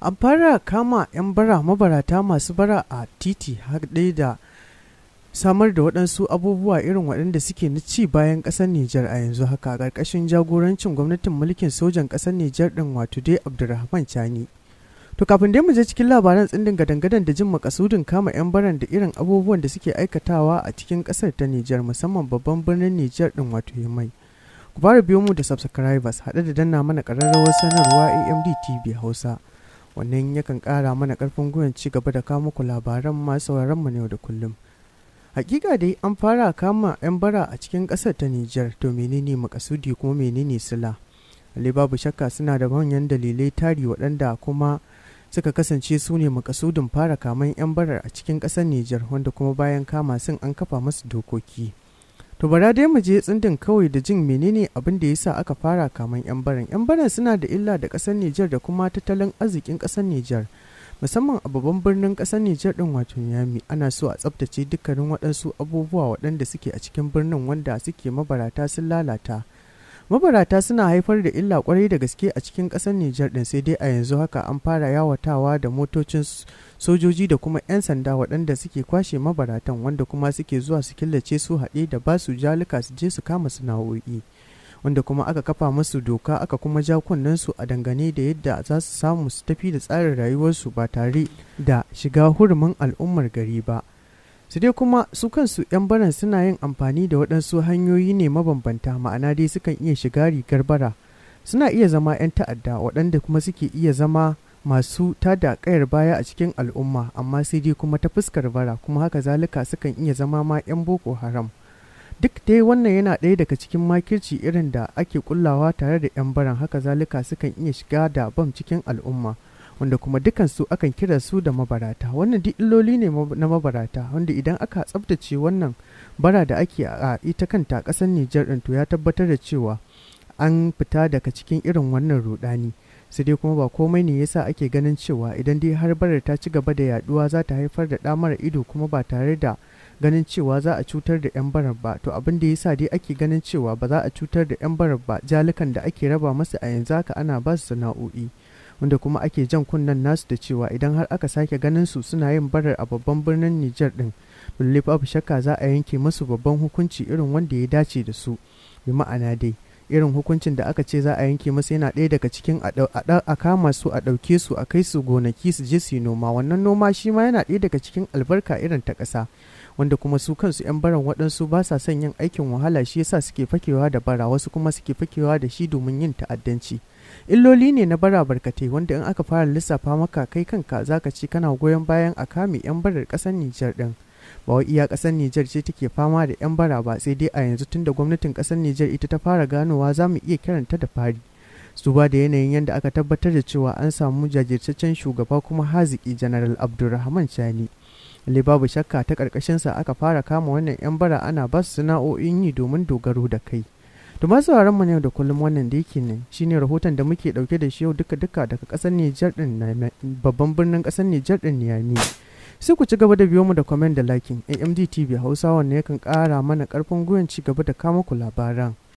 an fara kama 'yan bara mabarata masu bara a titi haɗe da samar da waɗansu abubuwa irin waɗanda suke na ci bayan ƙasar Nijar a yanzu haka ƙarƙashin jagorancin gwamnatin mulkin sojan ƙasar Nijar ɗin wato dai Abdulrahman Chani. To kafin dai mu je cikin labaran tsindin gadangadan da jin makasudin kama 'yan baran da irin abubuwan da suke aikatawa a cikin ƙasar ta Nijar musamman babban birnin Nijar ɗin wato Yamai. Ku fara biyo mu da subscribers haɗe da danna mana ƙararrawar sanarwa AMD TV Hausa. wannan yakan kara mana karfin gwiwar ci gaba da kawo muku labaran masu sauraron mu yau da kullum hakika dai an fara kama 'yan bara a cikin ƙasar ta Nijar to menene makasudi kuma menene sila Ali babu shakka suna da manyan dalilai tari waɗanda kuma suka kasance su ne makasudin fara kaman 'yan barar a cikin ƙasar Nijar wanda kuma bayan kama sun an kafa masu dokoki. To bara dai mu je tsindin kawai da jin menene abin da yasa aka fara kaman 'yan baran. 'Yan baran suna da illa da kasar Nijar da kuma tattalin arzikin kasar Nijar. Musamman a babban birnin kasar Nijar din wato Yami ana so a tsabtace dukkanin waɗansu abubuwa waɗanda suke a cikin birnin wanda suke mabarata sun lalata. mabarata suna haifar da illa kwarai da gaske a cikin ƙasar Nijar ɗin sai dai a yanzu haka an fara yawatawa da motocin sojoji da kuma 'yan sanda waɗanda suke kwashe mabaratan wanda kuma suke zuwa su killace su haɗe da ba su jalika su je su kama sana'o'i wanda kuma aka kafa musu doka aka kuma ja su a dangane da yadda za su samu su tafi da tsarin rayuwarsu ba tare da shiga hurumin al'ummar gari ba. su dai kuma su kansu 'yan baran suna yin amfani da waɗansu hanyoyi ne mabambanta ma'ana dai sukan iya shiga rigar bara suna iya zama 'yan ta'adda waɗanda kuma suke iya zama masu tada kayar baya a cikin al'umma amma sai dai kuma ta fuskar bara kuma haka zalika sukan iya zama ma 'yan boko haram duk dai wannan yana ɗaya daga cikin makirci irin da ake kullawa tare da 'yan baran haka zalika sukan iya shiga da bam cikin al'umma wanda kuma su akan kira su da mabarata wannan duk illoli ne na mabarata wanda idan aka tsabtace wannan bara da ake a ita kanta kasar Nijar din to ya tabbatar da cewa an fita daga cikin irin wannan rudani sai dai kuma ba komai ne yasa ake ganin cewa idan dai har barar ta ci gaba da yaduwa za ta haifar da ɗa mara ido kuma ba tare da ganin cewa za a cutar da 'yan barar ba to abin da ya sa dai ake ganin cewa ba za a cutar da 'yan barar ba jalukan da ake raba masu a yanzu haka ana ba su sana'o'i wanda kuma ake jan kunnen nasu da cewa idan har aka sake ganin su suna yin barar a babban birnin Nijar din bulle babu shakka za a yanke masu babban hukunci irin wanda ya dace da su bi ma'ana dai irin hukuncin da aka ce za a yanke masu yana ɗaya daga cikin a kama su a ɗauke su a kai su gonaki su je su noma wannan noma shi ma yana ɗaya daga cikin albarka irin ta ƙasa wanda kuma su kansu 'yan baran waɗansu ba sa son yin aikin wahala shi yasa suke fakewa da bara wasu kuma suke fakewa da shi domin yin ta'addanci illoli ne na bara barkate wanda in aka fara lissafa maka kai kanka zaka ci kana goyon bayan a kame yan barar kasar Nijar din ba wai iya kasar Nijar ce take fama da yan bara ba sai dai a yanzu tunda gwamnatin kasar Nijar ita ta fara ganowa za mu iya kiranta da fari su ba da yanayin yadda aka tabbatar da cewa an samu jajirtaccen shugaba kuma haziki janaral abdulrahman shani le babu shakka ta karkashin sa aka fara kama wannan 'yan bara ana ba su sana'o'in yi domin dogaro da kai Domin sauraron mu ne da kullum wannan da yake ne shine rahoton da muke dauke da shi yau duka duka daga kasar Niger din babban birnin kasar Nijar din Niamey. Sai ku ci gaba da biyo mu da comment da liking AMD TV Hausa wanne yakan kara mana karfin gwiwan ci gaba da kama ku labaran.